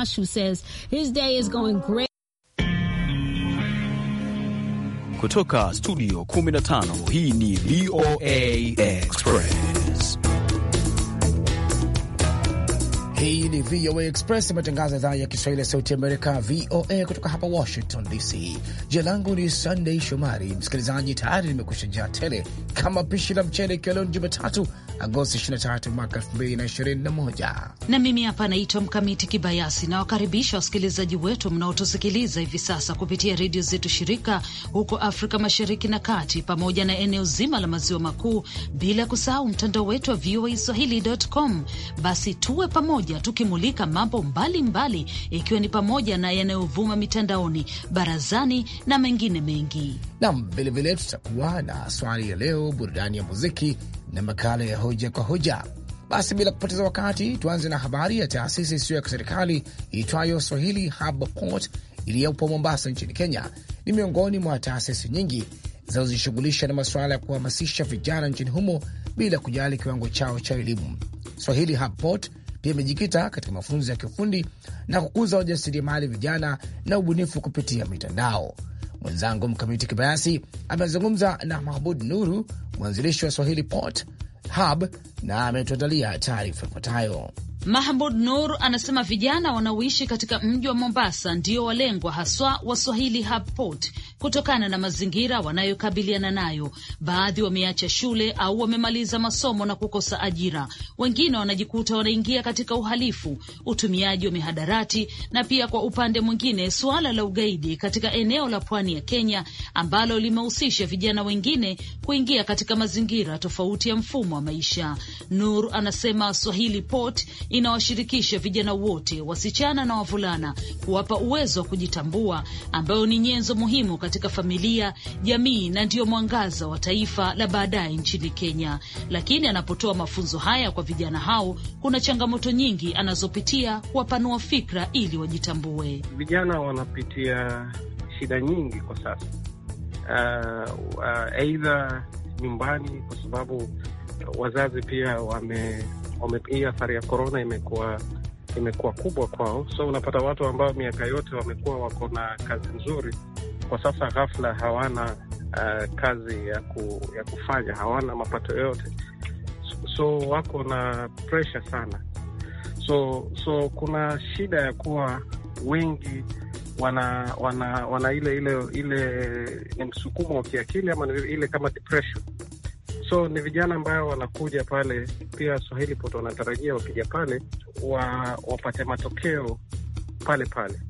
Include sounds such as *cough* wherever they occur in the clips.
Josh, who says his day is going great. Kutoka studio 15 hii ni VOA Express. Hii ni VOA Express, matangazo ya idhaa ya Kiswahili ya sauti Amerika, VOA kutoka hapa Washington DC. Jina langu ni Sunday Shomari. Msikilizaji, tayari nimekusha jaa tele kama pishi la mchele, ikiwa leo ni Jumatatu Agosti 23 mwaka 2021, na mimi hapa naitwa Mkamiti Kibayasi. Nawakaribisha wasikilizaji wetu mnaotusikiliza hivi sasa kupitia redio zetu shirika huko Afrika Mashariki na Kati, pamoja na eneo zima la maziwa makuu, bila kusahau mtandao wetu wa VOA Swahili.com. Basi tuwe pamoja pamoja tukimulika mambo mbalimbali ikiwa ni pamoja na yanayovuma mitandaoni, barazani na mengine mengi. Nam, vilevile tutakuwa na swali ya leo, burudani ya muziki na makala ya hoja kwa hoja. Basi bila kupoteza wakati, tuanze na habari ya taasisi isiyo ya kiserikali iitwayo Swahili Hub Port iliyopo Mombasa nchini Kenya. Ni miongoni mwa taasisi nyingi zinazojishughulisha na masuala ya kuhamasisha vijana nchini humo bila kujali kiwango chao cha elimu. Swahili Hub Port pia imejikita katika mafunzo ya kiufundi na kukuza wajasiriamali vijana na ubunifu kupitia mitandao. Mwenzangu Mkamiti Kibayasi amezungumza na Mahmud Nuru, mwanzilishi wa Swahili Port Hub na ametuandalia taarifa ifuatayo. Mahmud Nur anasema vijana wanaoishi katika mji wa Mombasa ndio walengwa haswa waswahili Swahili Hub Port kutokana na mazingira wanayokabiliana nayo. Baadhi wameacha shule au wamemaliza masomo na kukosa ajira, wengine wanajikuta wanaingia katika uhalifu, utumiaji wa mihadarati na pia kwa upande mwingine suala la ugaidi katika eneo la pwani ya Kenya ambalo limehusisha vijana wengine kuingia katika mazingira tofauti ya mfumo wa maisha. Nur anasema Swahili Pot inawashirikisha vijana wote, wasichana na wavulana, kuwapa uwezo wa kujitambua, ambayo ni nyenzo muhimu katika familia, jamii na ndiyo mwangaza wa taifa la baadaye nchini Kenya. Lakini anapotoa mafunzo haya kwa vijana hao, kuna changamoto nyingi anazopitia kuwapanua fikra ili wajitambue. Vijana wanapitia shida nyingi kwa sasa, aidha uh, uh, nyumbani kwa sababu wazazi pia wame, wame, hii athari ya korona imekuwa imekuwa kubwa kwao, so unapata watu ambao miaka yote wamekuwa wako na kazi nzuri, kwa sasa ghafla hawana uh, kazi ya, ku, ya kufanya, hawana mapato yote so, wako na presha sana, so so kuna shida ya kuwa wengi wana wana wana ile ile ile ni eh, msukumo wa kiakili ama ile kama depression So ni vijana ambayo wanakuja pale pia Swahili Pot, wanatarajia wakija pale wa, wapate matokeo pale pale,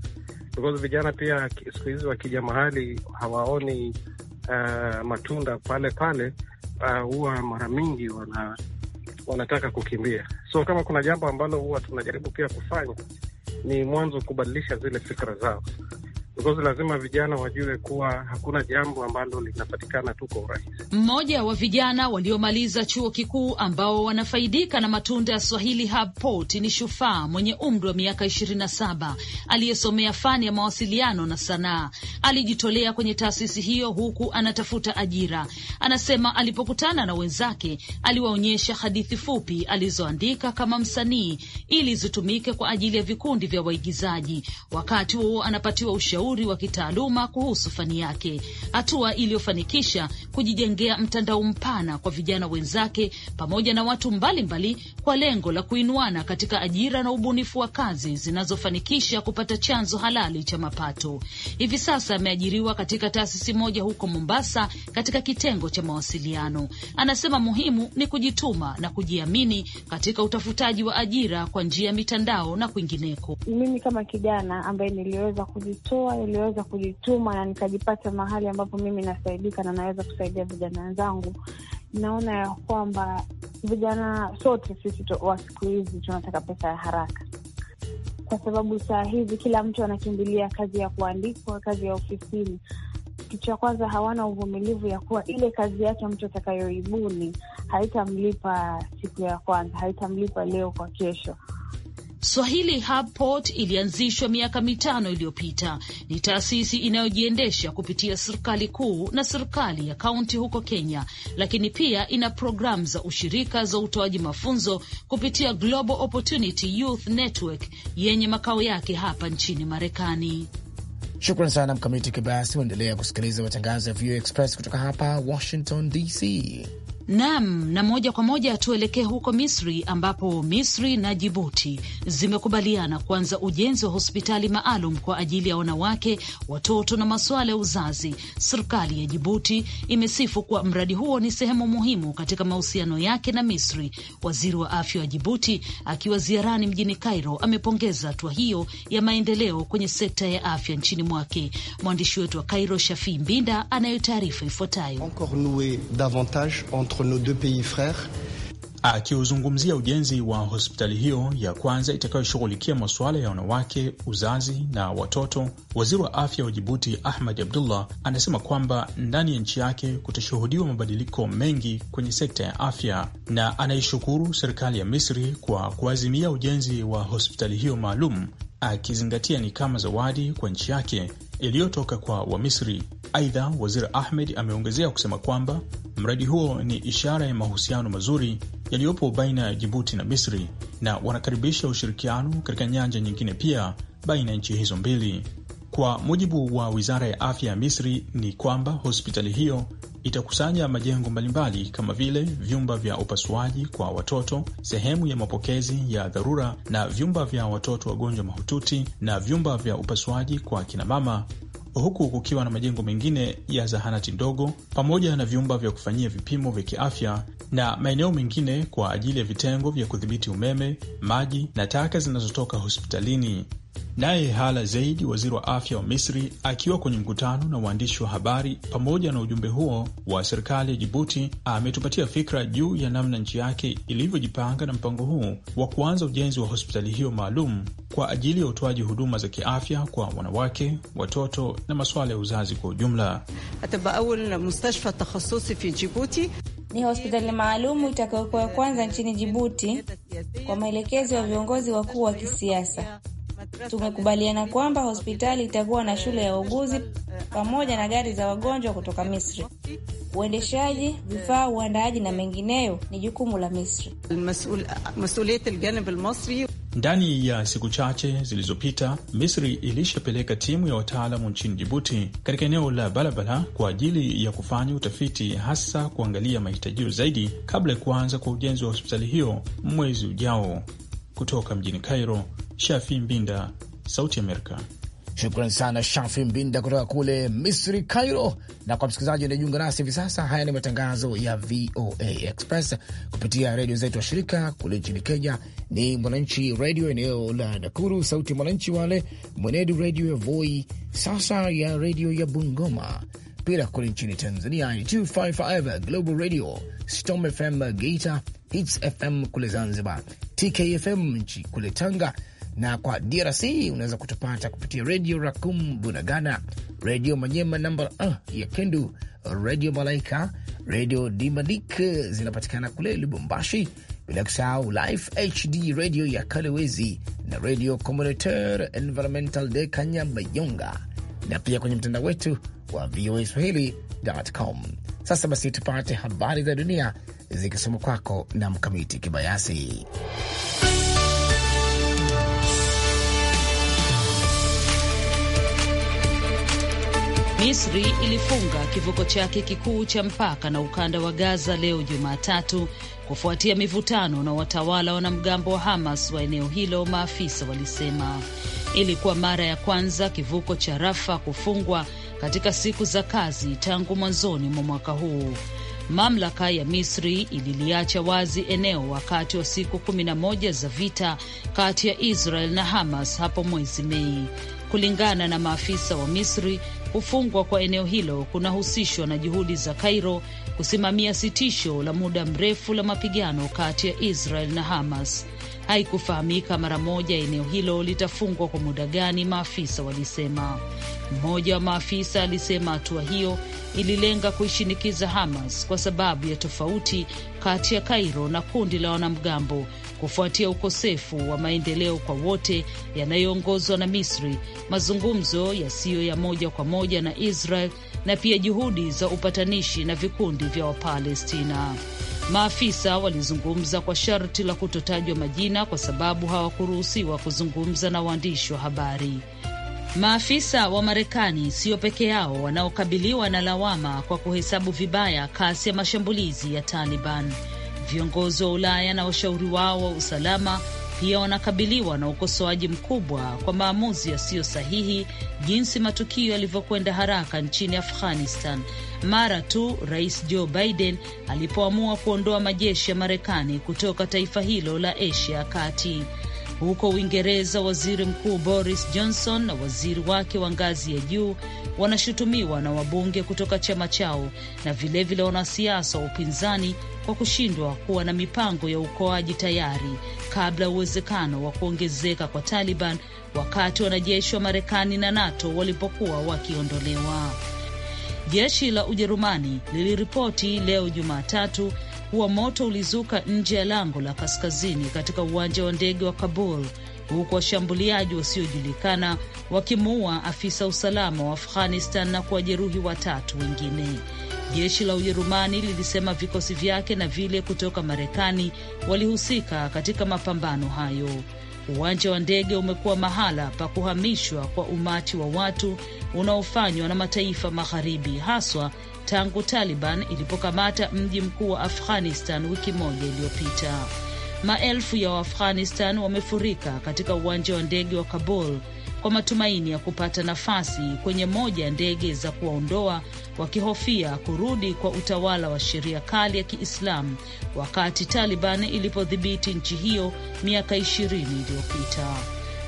because vijana pia siku hizi wakija mahali hawaoni uh, matunda pale pale eh, huwa uh, mara mingi wana, wanataka kukimbia. So kama kuna jambo ambalo huwa tunajaribu pia kufanya ni mwanzo kubadilisha zile fikra zao Because lazima vijana wajue kuwa hakuna jambo ambalo linapatikana tu kwa urahisi. Mmoja wa vijana waliomaliza chuo kikuu ambao wanafaidika na matunda ya Swahili Hub Port ni Shufaa mwenye umri wa miaka 27 aliyesomea fani ya mawasiliano na sanaa. Alijitolea kwenye taasisi hiyo huku anatafuta ajira. Anasema alipokutana na wenzake, aliwaonyesha hadithi fupi alizoandika kama msanii ili zitumike kwa ajili ya vikundi vya waigizaji. Wakati huo anapatiwa ushauri ushauri wa kitaaluma kuhusu fani yake, hatua iliyofanikisha kujijengea mtandao mpana kwa vijana wenzake pamoja na watu mbalimbali mbali, kwa lengo la kuinuana katika ajira na ubunifu wa kazi zinazofanikisha kupata chanzo halali cha mapato. Hivi sasa ameajiriwa katika taasisi moja huko Mombasa katika kitengo cha mawasiliano. Anasema muhimu ni kujituma na kujiamini katika utafutaji wa ajira kwa njia ya mitandao na kwingineko. Mimi kama kijana ambaye niliweza kujitoa kujitambua, iliyoweza kujituma na nikajipata mahali ambapo mimi nasaidika na naweza kusaidia vijana wenzangu. Naona ya kwamba vijana sote sisi wa siku hizi tunataka pesa ya haraka, kwa sababu saa hizi kila mtu anakimbilia kazi ya kuandikwa, kazi ya ofisini. Kitu cha kwanza, hawana uvumilivu ya kuwa ile kazi yake mtu atakayoibuni haitamlipa siku ya kwanza, haitamlipa leo kwa kesho. Swahili Hub ilianzishwa miaka mitano iliyopita. Ni taasisi inayojiendesha kupitia serikali kuu na serikali ya kaunti huko Kenya, lakini pia ina programu za ushirika za utoaji mafunzo kupitia Global Opportunity Youth Network yenye makao yake hapa nchini Marekani. Shukran sana Mkamiti Kibasi. Waendelea kusikiliza matangazo ya VOA Express kutoka hapa Washington DC. Nam na moja kwa moja tuelekee huko Misri ambapo Misri na Jibuti zimekubaliana kuanza ujenzi wa hospitali maalum kwa ajili ya wanawake, watoto na masuala ya uzazi. Serikali ya Jibuti imesifu kuwa mradi huo ni sehemu muhimu katika mahusiano yake na Misri. Waziri wa afya wa Jibuti akiwa ziarani mjini Cairo amepongeza hatua hiyo ya maendeleo kwenye sekta ya afya nchini mwake. Mwandishi wetu wa Cairo, Shafii Mbinda, anayotaarifa ifuatayo entre nos deux pays frères. Akiuzungumzia ujenzi wa hospitali hiyo ya kwanza itakayoshughulikia masuala ya wanawake, uzazi na watoto, waziri wa afya wa Jibuti ahmad Abdullah anasema kwamba ndani ya nchi yake kutashuhudiwa mabadiliko mengi kwenye sekta ya afya, na anaishukuru serikali ya Misri kwa kuazimia ujenzi wa hospitali hiyo maalum akizingatia ni kama zawadi kwa nchi yake iliyotoka kwa Wamisri. Aidha, Waziri Ahmed ameongezea kusema kwamba mradi huo ni ishara ya mahusiano mazuri yaliyopo baina ya Jibuti na Misri na wanakaribisha ushirikiano katika nyanja nyingine pia baina ya nchi hizo mbili. Kwa mujibu wa wizara ya afya ya Misri ni kwamba hospitali hiyo itakusanya majengo mbalimbali kama vile vyumba vya upasuaji kwa watoto, sehemu ya mapokezi ya dharura na vyumba vya watoto wagonjwa mahututi na vyumba vya upasuaji kwa kinamama, huku kukiwa na majengo mengine ya zahanati ndogo pamoja na vyumba vya kufanyia vipimo vya kiafya na maeneo mengine kwa ajili ya vitengo vya kudhibiti umeme, maji na taka zinazotoka hospitalini. Naye Hala Zaidi, waziri wa afya wa Misri, akiwa kwenye mkutano na waandishi wa habari pamoja na ujumbe huo wa serikali ya Jibuti, ametupatia fikra juu ya namna nchi yake ilivyojipanga na mpango huu wa kuanza ujenzi wa hospitali hiyo maalum kwa ajili ya utoaji huduma za kiafya kwa wanawake, watoto na masuala ya uzazi kwa ujumla. Ni hospitali maalumu itakayokuwa ya kwanza nchini Jibuti kwa maelekezo ya viongozi wakuu wa kisiasa Tumekubaliana kwamba hospitali itakuwa na shule ya wauguzi pamoja na gari za wagonjwa kutoka Misri. Uendeshaji, vifaa, uandaaji na mengineyo ni jukumu la Misri. Ndani ya siku chache zilizopita, Misri ilishapeleka timu ya wataalamu nchini Jibuti katika eneo la Balabala kwa ajili ya kufanya utafiti, hasa kuangalia mahitaji zaidi kabla ya kuanza kwa ujenzi wa hospitali hiyo mwezi ujao. Kutoka mjini Cairo, Shafi Mbinda, Sauti Amerika. Shukran sana Shafi Mbinda kutoka kule Misri, Cairo. Na kwa msikilizaji anayejiunga nasi hivi sasa, haya ni matangazo ya VOA Express kupitia redio zetu wa shirika kule nchini Kenya ni Mwananchi Redio eneo la Nakuru, Sauti Mwananchi wale Mwenedu Redio ya Voi, sasa ya redio ya Bungoma, pila kule nchini Tanzania ni 255 Global Radio, Storm FM Geita, Hits FM kule Zanzibar, TKFM nchi kule Tanga na kwa DRC unaweza kutupata kupitia redio Rakum Bunagana, redio Manyema namba uh, ya Kendu, redio Malaika, redio Dimadik zinapatikana kule Lubumbashi, bila kusahau Life HD redio ya Kalewezi na redio Communautaire Environmental de Kanyabayonga, na pia kwenye mtandao wetu wa VOA Swahili.com. Sasa basi tupate habari za dunia zikisoma kwako na Mkamiti Kibayasi. Misri ilifunga kivuko chake kikuu cha mpaka na ukanda wa Gaza leo Jumatatu kufuatia mivutano na watawala wanamgambo wa Hamas wa eneo hilo, maafisa walisema. Ilikuwa mara ya kwanza kivuko cha Rafa kufungwa katika siku za kazi tangu mwanzoni mwa mwaka huu. Mamlaka ya Misri ililiacha wazi eneo wakati wa siku 11 za vita kati ya Israel na Hamas hapo mwezi Mei. Kulingana na maafisa wa Misri, Kufungwa kwa eneo hilo kunahusishwa na juhudi za Cairo kusimamia sitisho la muda mrefu la mapigano kati ya Israel na Hamas Haikufahamika mara moja eneo hilo litafungwa kwa muda gani, maafisa walisema. Mmoja wa maafisa alisema hatua hiyo ililenga kuishinikiza Hamas kwa sababu ya tofauti kati ya Kairo na kundi la wanamgambo kufuatia ukosefu wa maendeleo kwa wote yanayoongozwa na Misri, mazungumzo yasiyo ya moja kwa moja na Israel na pia juhudi za upatanishi na vikundi vya Wapalestina. Maafisa walizungumza kwa sharti la kutotajwa majina kwa sababu hawakuruhusiwa kuzungumza na waandishi wa habari. Maafisa wa Marekani sio peke yao wanaokabiliwa na lawama kwa kuhesabu vibaya kasi ya mashambulizi ya Taliban. Viongozi wa Ulaya na washauri wao wa usalama pia wanakabiliwa na ukosoaji mkubwa kwa maamuzi yasiyo sahihi, jinsi matukio yalivyokwenda haraka nchini Afghanistan mara tu Rais Joe Biden alipoamua kuondoa majeshi ya Marekani kutoka taifa hilo la Asia ya Kati. Huko Uingereza, waziri mkuu Boris Johnson na waziri wake wa ngazi ya juu wanashutumiwa na wabunge kutoka chama chao na vilevile wanasiasa wa upinzani kwa kushindwa kuwa na mipango ya uokoaji tayari kabla ya uwezekano wa kuongezeka kwa Taliban wakati wanajeshi wa Marekani na NATO walipokuwa wakiondolewa. Jeshi la Ujerumani liliripoti leo Jumatatu kuwa moto ulizuka nje ya lango la kaskazini katika uwanja wa ndege wa Kabul, huku washambuliaji wasiojulikana wakimuua afisa usalama wa Afghanistan na kuwajeruhi watatu wengine. Jeshi la Ujerumani lilisema vikosi vyake na vile kutoka Marekani walihusika katika mapambano hayo. Uwanja wa ndege umekuwa mahala pa kuhamishwa kwa umati wa watu unaofanywa na mataifa magharibi haswa tangu Taliban ilipokamata mji mkuu wa Afghanistan wiki moja iliyopita. Maelfu ya Waafghanistan wamefurika katika uwanja wa ndege wa Kabul kwa matumaini ya kupata nafasi kwenye moja ya ndege za kuwaondoa wakihofia kurudi kwa utawala wa sheria kali ya Kiislamu wakati Taliban ilipodhibiti nchi hiyo miaka 20 iliyopita.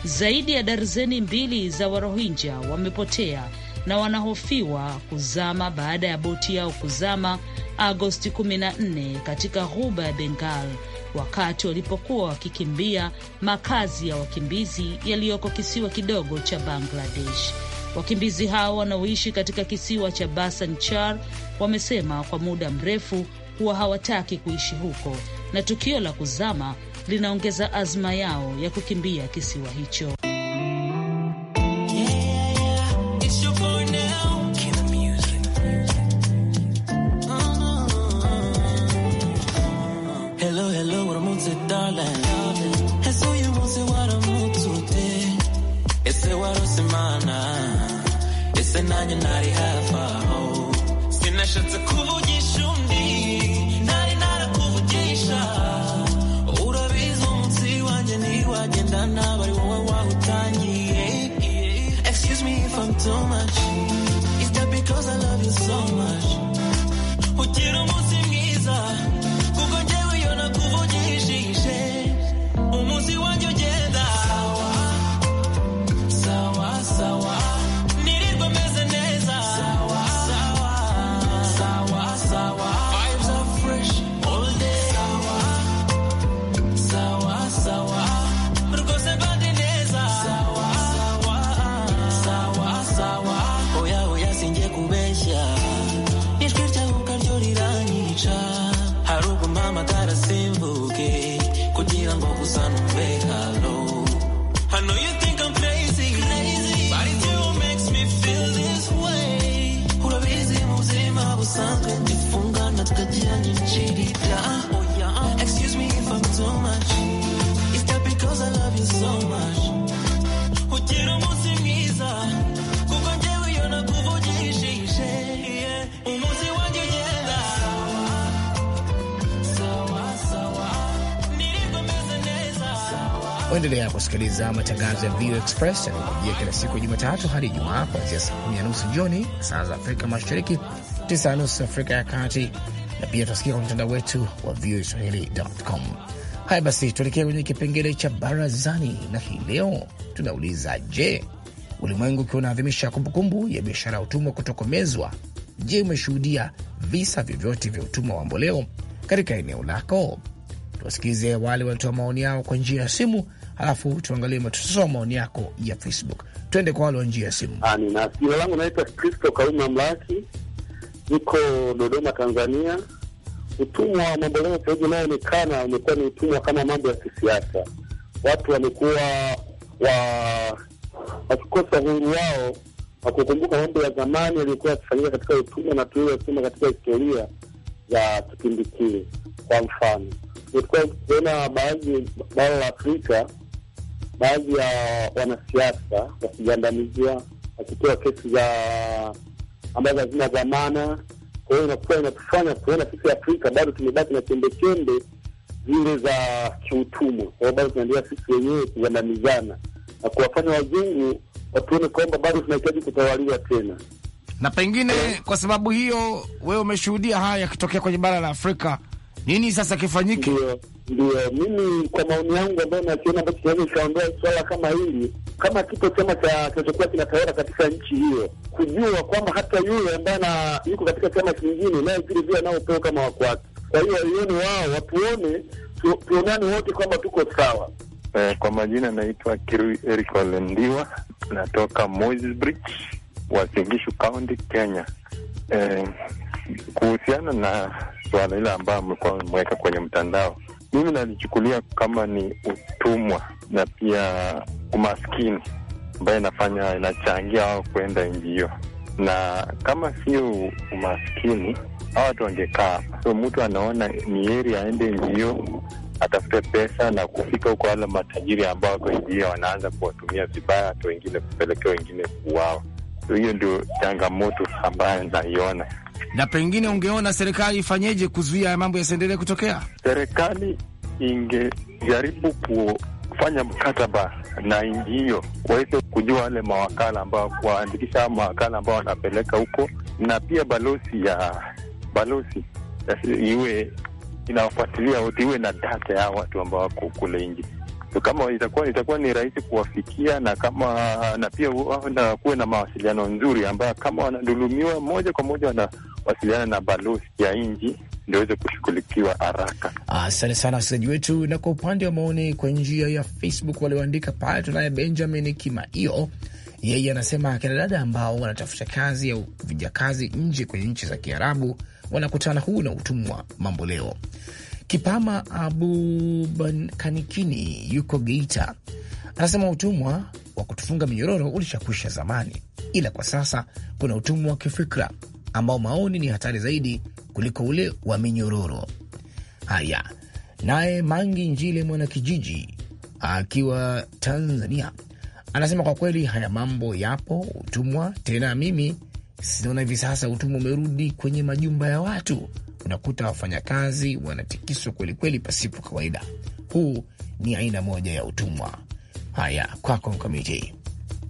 Zaidi ya darzeni mbili za Warohinja wamepotea na wanahofiwa kuzama baada ya boti yao kuzama Agosti 14 katika ghuba ya Bengal wakati walipokuwa wakikimbia makazi ya wakimbizi yaliyoko kisiwa kidogo cha Bangladesh. Wakimbizi hao wanaoishi katika kisiwa cha Basan Char wamesema kwa muda mrefu kuwa hawataki kuishi huko na tukio la kuzama linaongeza azma yao ya kukimbia kisiwa hicho. kusikiliza matangazo ya VOA Express yanayokujia kila siku ya Jumatatu hadi Ijumaa, kuanzia saa kumi na nusu jioni saa za Afrika Mashariki, tisa na nusu Afrika ya Kati, na pia tunasikia kwenye mtandao wetu wa VOA Swahili.com. Haya basi, tuelekea kwenye kipengele cha barazani, na hii leo tunauliza, je, ulimwengu ukiwa unaadhimisha kumbukumbu ya biashara ya utumwa kutokomezwa, je, umeshuhudia visa vyovyote vya utumwa wa mboleo katika eneo lako? Tuwasikize wale wanatoa maoni yao kwa njia ya simu halafu tuangalie matusoma maoni yako ya Facebook. Twende kwa wale njia ya simu. Ah, jina langu naitwa Kristo kauma Mlaki, niko Dodoma, Tanzania. Utumwa wa mambo leo sahizi unaoonekana umekuwa ni utumwa kama mambo ya kisiasa. Watu wamekuwa wakikosa uhuru wao wa kukumbuka mambo ya zamani yaliyokuwa yakifanyika katika utumwa na tuliyosoma katika historia za kipindi kile. Kwa mfano, ona baadhi bara la Afrika baadhi ya wanasiasa wakigandamizwa, wakitoa kesi za ambazo hazina dhamana. Kwa hiyo inakuwa inatufanya kuona sisi Afrika bado tumebaki na chembechembe zile za kiutumwa, kwa hiyo bado tunaendelea sisi wenyewe kugandamizana na kuwafanya wazungu watuone kwamba bado tunahitaji kutawaliwa tena na pengine kwa sababu hiyo, wewe umeshuhudia haya yakitokea kwenye bara la Afrika. Nini sasa kifanyike? Ndiyo. Ndio, mimi kwa maoni yangu ambayo nakiona ambacho kinaweza kikaondoa swala kama hili, kama kipo chama cha kinachokuwa kinatawala katika nchi hiyo, kujua kwamba hata yule ambaye yuko katika chama kingine naye vile vile anaopewa kama wakwake. Kwa hiyo waione wao, watuone, tuonane wote kwamba tuko sawa. Eh, kwa majina naitwa Kiru Eric Walendiwa, natoka Moses Bridge, Wasingishu County, Kenya. Eh, kuhusiana na swala hilo ambayo amekuwa ameweka kwenye mtandao mimi nalichukulia kama ni utumwa na pia umaskini ambayo inafanya inachangia wao kuenda nchi hiyo, na kama sio umaskini hawa watu wangekaa So mtu anaona ni heri aende nchi hiyo atafute pesa na kufika huko, wale matajiri ambao wako nchi hiyo wanaanza kuwatumia vibaya watu wengine, kupelekea wengine kuuawa. So hiyo ndio changamoto ambayo naiona na pengine ungeona serikali ifanyeje kuzuia mambo yasiendelee kutokea? Serikali ingejaribu kufanya mkataba na nchi hiyo waweze kujua wale mawakala ambao kuwaandikisha mawakala ambao wanapeleka huko, na pia balozi ya balozi iwe inawafuatilia wote, iwe na data ya watu ambao wako kule nje kama itakuwa itakuwa ni rahisi kuwafikia, na kama na pia na kuwe na mawasiliano nzuri, ambayo kama wanadhulumiwa moja kwa moja wanawasiliana na balozi ya nji ndio kushughulikiwa haraka. Asante sana wasikilizaji wetu, na kwa upande wa maoni kwa njia ya Facebook walioandika pale, tunaye Benjamin Kimaio, yeye anasema akina dada ambao wanatafuta kazi au vijakazi nje kwenye nchi za Kiarabu wanakutana huu na utumwa mambo leo Kipama Abubankanikini yuko Geita, anasema utumwa wa kutufunga minyororo ulishakwisha zamani, ila kwa sasa kuna utumwa wa kifikra ambao maoni ni hatari zaidi kuliko ule wa minyororo. Haya, naye Mangi Njile mwanakijiji akiwa Tanzania anasema kwa kweli haya mambo yapo, utumwa tena. Mimi sinaona hivi sasa utumwa umerudi kwenye majumba ya watu unakuta wafanyakazi wanatikiswa kwelikweli pasipo kawaida. Huu ni aina moja ya utumwa. Haya, kwako Mkamiti.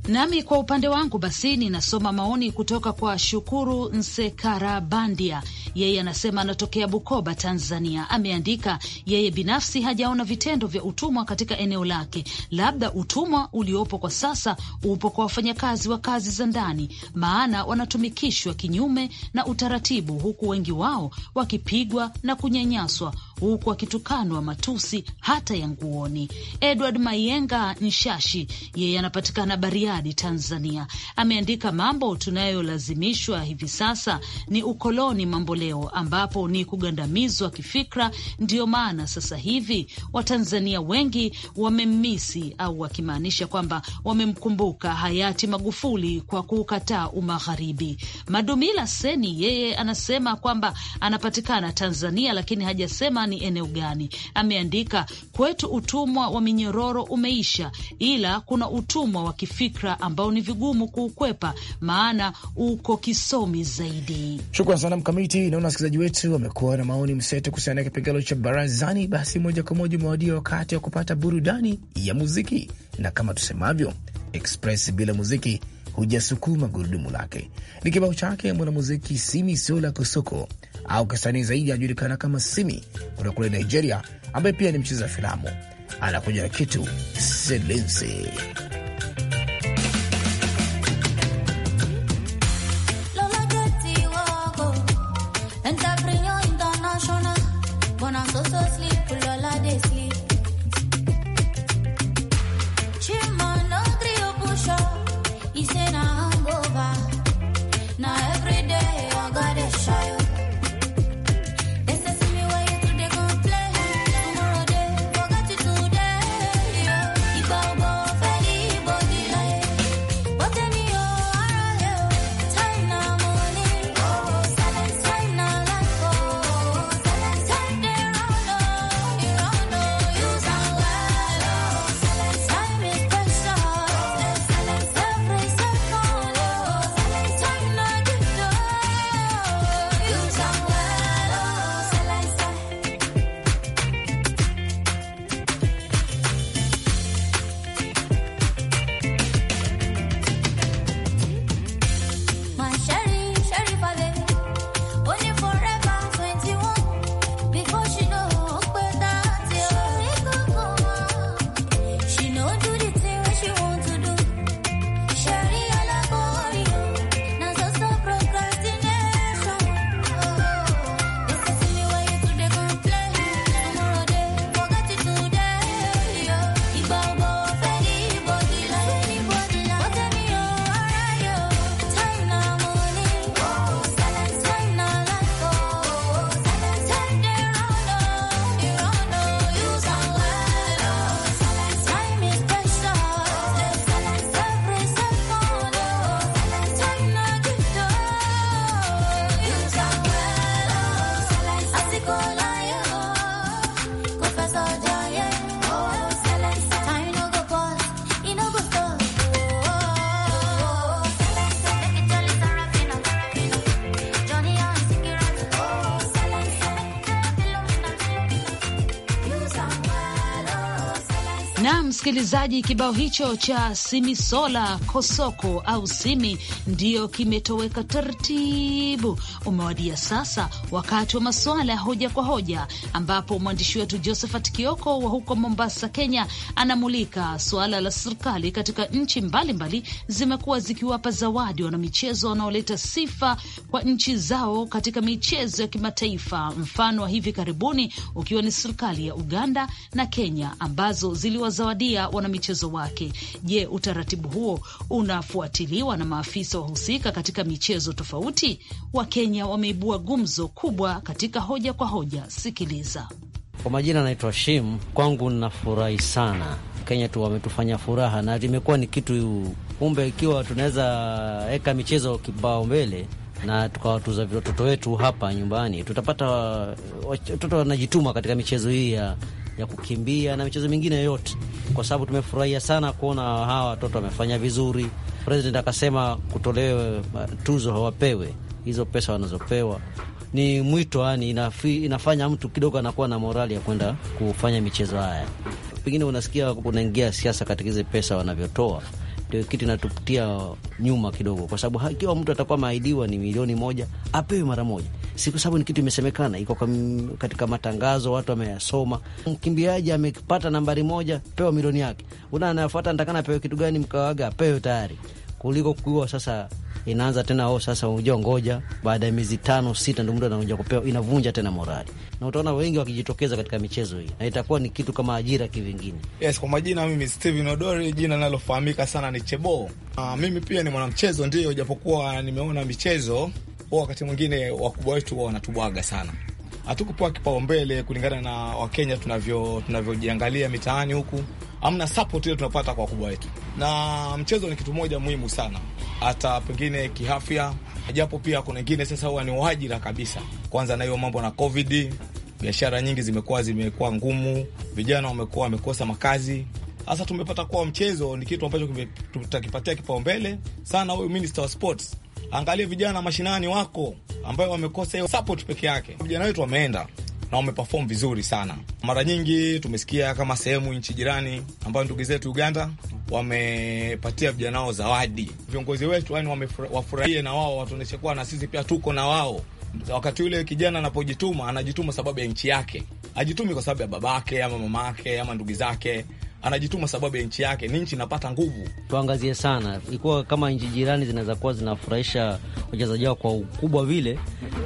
Nami kwa upande wangu basi ninasoma maoni kutoka kwa Shukuru Nsekarabandia. Yeye anasema anatokea Bukoba, Tanzania. Ameandika yeye binafsi hajaona vitendo vya utumwa katika eneo lake, labda utumwa uliopo kwa sasa upo kwa wafanyakazi wa kazi za ndani, maana wanatumikishwa kinyume na utaratibu, huku wengi wao wakipigwa na kunyanyaswa huku wakitukanwa matusi hata ya nguoni. Edward Mayenga Nshashi yeye anapatikana Bariadi, Tanzania, ameandika mambo tunayolazimishwa hivi sasa ni ukoloni mambo leo, ambapo ni kugandamizwa kifikra. Ndiyo maana sasa hivi Watanzania wengi wamemmisi au wakimaanisha kwamba wamemkumbuka hayati Magufuli kwa kukataa umagharibi. Madumila Seni yeye anasema kwamba anapatikana Tanzania, lakini hajasema ni eneo gani. Ameandika, kwetu utumwa wa minyororo umeisha, ila kuna utumwa wa kifikra ambao ni vigumu kuukwepa, maana uko kisomi zaidi. Shukran sana Mkamiti naona wasikilizaji wetu wamekuwa na maoni mseto kuhusiana na kipengelo cha barazani. Basi moja kwa moja umewadia wakati wa kupata burudani ya muziki, na kama tusemavyo, express bila muziki hujasukuma gurudumu lake. Ni kibao chake mwanamuziki Simi Siola Kosoko au kisanii zaidi anajulikana kama Simi kutoka kule Nigeria, ambaye pia ni mcheza filamu. Anakuja na kitu selensi msikilizaji, kibao hicho cha Simisola Kosoko au Simi ndiyo kimetoweka taratibu. Umewadia sasa wakati wa masuala ya hoja kwa hoja, ambapo mwandishi wetu Josephat Kioko wa huko Mombasa, Kenya, anamulika suala la serikali katika nchi mbalimbali zimekuwa zikiwapa zawadi wanamichezo wanaoleta sifa kwa nchi zao katika michezo ya kimataifa, mfano wa hivi karibuni ukiwa ni serikali ya Uganda na Kenya ambazo ziliwazawadia kuwafuatilia wanamichezo wake. Je, utaratibu huo unafuatiliwa na maafisa wahusika katika michezo tofauti? Wakenya wameibua gumzo kubwa katika hoja kwa hoja. Sikiliza. Kwa majina anaitwa Shim. Kwangu nafurahi sana Kenya tu wametufanya furaha na imekuwa ni kitu kumbe, ikiwa tunaweza weka michezo kibao mbele na tukawatuza watoto wetu hapa nyumbani, tutapata watoto wanajituma katika michezo hii ya ya kukimbia na michezo mingine yoyote, kwa sababu tumefurahia sana kuona hawa watoto wamefanya vizuri. President akasema kutolewe uh, tuzo, hawapewe hizo pesa wanazopewa ni mwito yani, inafi, inafanya mtu kidogo anakuwa na morali ya kwenda kufanya michezo haya. Pengine unasikia unaingia siasa katika hizi pesa wanavyotoa, ndio kitu inatutia nyuma kidogo, kwa sababu ikiwa mtu atakuwa ameahidiwa ni milioni moja apewe mara moja, si kwa sababu ni kitu imesemekana, iko katika matangazo, watu wameyasoma. Mkimbiaji amepata nambari moja, pewa milioni yake. Una anayofuata anatakana apewe kitu gani? Mkawaga apewe tayari, kuliko kuwa sasa inaanza tena o, oh, sasa uja ngoja, baada ya miezi tano sita ndo mtu anakuja kupewa, inavunja tena morali, na utaona wengi wakijitokeza katika michezo hii, na itakuwa ni kitu kama ajira kivingine. Yes, kwa majina mimi Steven Odori, jina linalofahamika sana ni Chebo. Uh, ah, mimi pia ni mwanamchezo, ndio japokuwa nimeona michezo wakati mwingine wakubwa wetu wanatubwaga sana, hatukupewa kipaumbele kulingana na Wakenya tunavyo tunavyojiangalia mitaani huku, amna support ile tunapata kwa wakubwa wetu, na mchezo ni kitu moja muhimu sana, hata pengine kiafya, japo pia kuna wengine sasa huwa ni waajira kabisa. Kwanza na hiyo mambo na COVID, biashara nyingi zimekuwa zimekuwa ngumu, vijana wamekuwa wamekosa makazi. Sasa tumepata kuwa mchezo ni kitu ambacho tutakipatia kipaumbele sana. Huyu minister wa sports Angalia vijana mashinani wako ambayo wamekosa hiyo support peke yake. Vijana wetu wameenda na wameperform vizuri sana. Mara nyingi tumesikia kama sehemu nchi jirani ambayo ndugu zetu Uganda wamepatia vijana wao zawadi. Viongozi wetu yani wafurahie na wao watuonyeshe kuwa na sisi pia tuko na wao. Wakati ule kijana anapojituma, anajituma sababu ya nchi yake, ajitumi kwa sababu ya babake ama mamake ama ndugu zake anajituma sababu ya nchi yake, ni nchi inapata nguvu. Tuangazie sana, ikiwa kama nchi jirani zinaweza kuwa zinafurahisha wachezaji wao kwa ukubwa vile,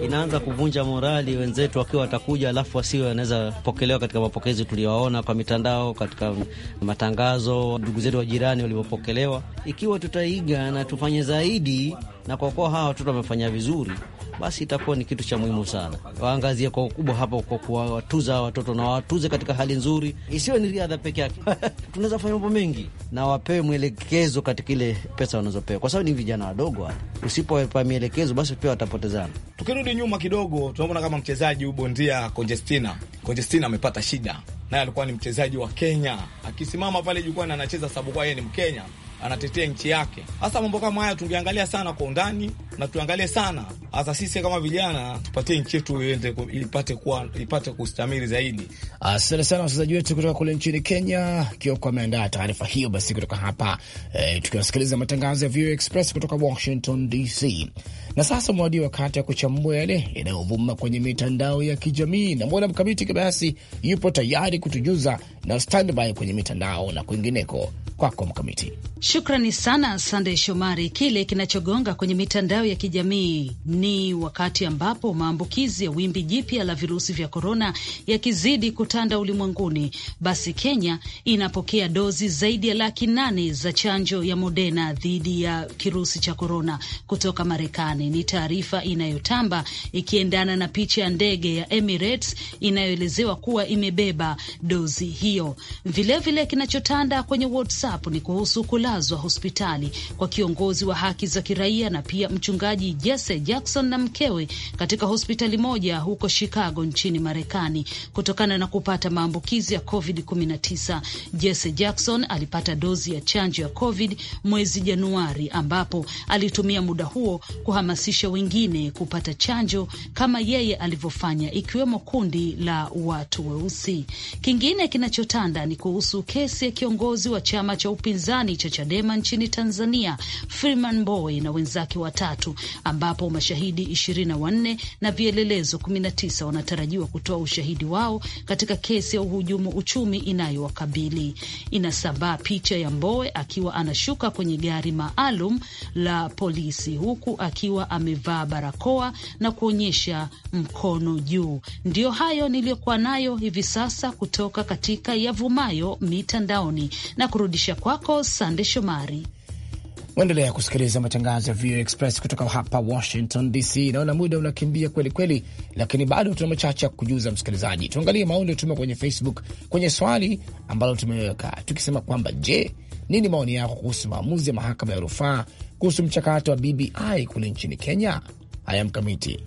inaanza kuvunja morali wenzetu wakiwa watakuja, alafu wasiwe wanaweza pokelewa katika mapokezi tuliyowaona kwa mitandao, katika matangazo, ndugu zetu wa jirani walivyopokelewa. Ikiwa tutaiga na tufanye zaidi, na kwa kuwa hawa watoto wamefanya vizuri basi itakuwa ni kitu cha muhimu sana. Waangazie kwa ukubwa hapa kwa kuwatuza watoto na watuze katika hali nzuri, isiwe ni riadha peke yake. *laughs* Tunaweza fanya mambo mengi, na wapewe mwelekezo katika ile pesa wanazopewa, kwa sababu ni vijana wadogo wale. Usipowapa mielekezo, basi pia watapotezana. Tukirudi nyuma kidogo, tunaona kama mchezaji ubondia bondia Conjestina, amepata shida, naye alikuwa ni mchezaji wa Kenya, akisimama pale jukwani anacheza sababu kwa yeye ni Mkenya anatetea nchi yake. Hasa mambo kama haya tungeangalia sana kwa undani na tuangalie sana hasa sisi kama vijana, tupatie nchi yetu iende ipate kuwa ipate kustamiri zaidi. Asante sana wasikilizaji wetu kutoka kule nchini Kenya. Kioko ameandaa taarifa hiyo. Basi kutoka hapa e, tukiwasikiliza matangazo ya VOA Express kutoka Washington DC. Na sasa mwadi wakati ya kuchambua yale yanayovuma kwenye mitandao ya kijamii. na Namwona Mkamiti Kibayasi yupo tayari kutujuza na standby kwenye mitandao na kwingineko. Kwako Mkamiti. Shukrani sana Sandey Shomari. Kile kinachogonga kwenye mitandao ya kijamii ni wakati ambapo maambukizi ya wimbi jipya la virusi vya korona yakizidi kutanda ulimwenguni, basi Kenya inapokea dozi zaidi ya laki nane za chanjo ya Moderna dhidi ya kirusi cha korona kutoka Marekani. Ni taarifa inayotamba ikiendana na picha ya ndege ya Emirates inayoelezewa kuwa imebeba dozi hiyo. Vilevile, kinachotanda kwenye WhatsApp ni kuhusu kula kulazwa hospitali kwa kiongozi wa haki za kiraia na pia mchungaji Jesse Jackson na mkewe katika hospitali moja huko Chicago nchini Marekani kutokana na kupata maambukizi ya COVID-19. Jesse Jackson alipata dozi ya chanjo ya COVID mwezi Januari, ambapo alitumia muda huo kuhamasisha wengine kupata chanjo kama yeye alivyofanya, ikiwemo kundi la watu weusi. Kingine kinachotanda ni kuhusu kesi ya kiongozi wa chama cha upinzani cha Chadema nchini Tanzania, Freeman Mbowe na wenzake watatu, ambapo mashahidi 24 na vielelezo 19 wanatarajiwa kutoa ushahidi wao katika kesi ya uhujumu uchumi inayowakabili. Inasambaa picha ya Mbowe akiwa anashuka kwenye gari maalum la polisi huku akiwa amevaa barakoa na kuonyesha mkono juu. Ndiyo hayo niliyokuwa nayo hivi sasa kutoka katika yavumayo mitandaoni na kurudisha kwako Sande. Shomari. Waendelea kusikiliza matangazo ya VOA Express kutoka hapa Washington DC. Naona muda unakimbia kweli kweli, lakini bado tuna machache ya kujuza msikilizaji. Tuangalie maoni yotuma kwenye Facebook kwenye swali ambalo tumeweka tukisema kwamba je, nini maoni yako kuhusu maamuzi ya mahakama ya rufaa kuhusu mchakato wa BBI kule nchini Kenya? Haya, Mkamiti,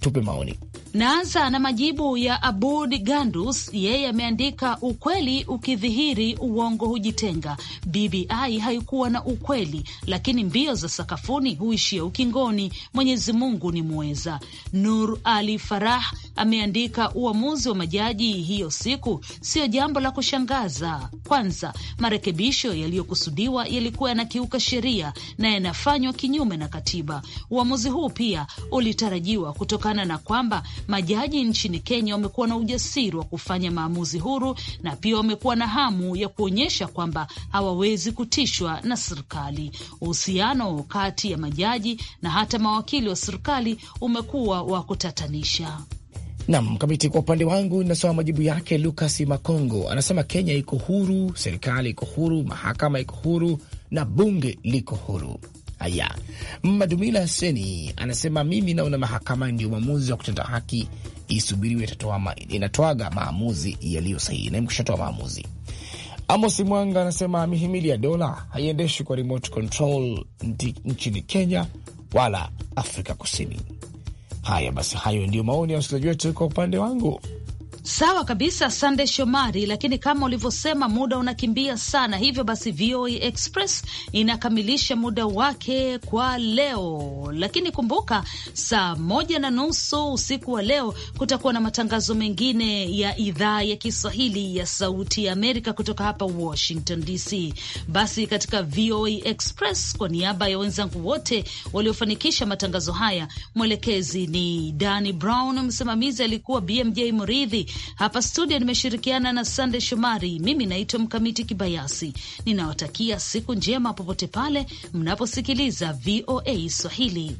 tupe maoni. Naanza na majibu ya Abud Gandus. Yeye ameandika ukweli ukidhihiri, uongo hujitenga. BBI haikuwa na ukweli, lakini mbio za sakafuni huishia ukingoni. Mwenyezi Mungu ni mweza Nur Ali Farah ameandika uamuzi wa majaji hiyo siku sio jambo la kushangaza. Kwanza, marekebisho yaliyokusudiwa yalikuwa yanakiuka sheria na yanafanywa kinyume na katiba. Uamuzi huu pia ulitarajiwa kutokana na kwamba majaji nchini Kenya wamekuwa na ujasiri wa kufanya maamuzi huru na pia wamekuwa na hamu ya kuonyesha kwamba hawawezi kutishwa na serikali. Uhusiano kati ya majaji na hata mawakili wa serikali umekuwa wa kutatanisha. Nam Mkamiti, kwa upande wangu inasoma majibu yake. Lukas Makongo anasema Kenya iko huru, serikali iko huru, mahakama iko huru na bunge liko huru. Haya, Madumila Seni anasema mimi naona mahakama ndio mwamuzi wa kutenda haki, isubiriwe, inatoaga maamuzi yaliyo sahihi, na kushatoa maamuzi. Amos Mwanga anasema mihimili ya dola haiendeshi kwa remote control nchini Kenya wala Afrika Kusini. Haya basi, hayo ndio maoni ya wasikilizaji wetu. Kwa upande wangu Sawa kabisa, Sande Shomari, lakini kama ulivyosema muda unakimbia sana, hivyo basi VOA e Express inakamilisha muda wake kwa leo, lakini kumbuka, saa moja na nusu usiku wa leo kutakuwa na matangazo mengine ya idhaa ya Kiswahili ya Sauti ya Amerika kutoka hapa Washington DC. Basi katika VOA e Express, kwa niaba ya wenzangu wote waliofanikisha matangazo haya, mwelekezi ni Dani Brown, msimamizi alikuwa BMJ Muridhi. Hapa studio nimeshirikiana na Sande Shomari. Mimi naitwa Mkamiti Kibayasi, ninawatakia siku njema popote pale mnaposikiliza VOA Swahili.